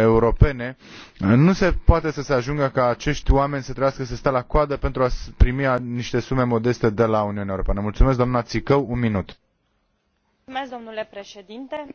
europene, nu se poate să se ajungă ca acești oameni să trebuiască să stea la coadă pentru a primi niște sume modeste de la Uniunea Europeană. Mulțumesc, doamna Țicău, un minut. Mulțumesc, domnule președinte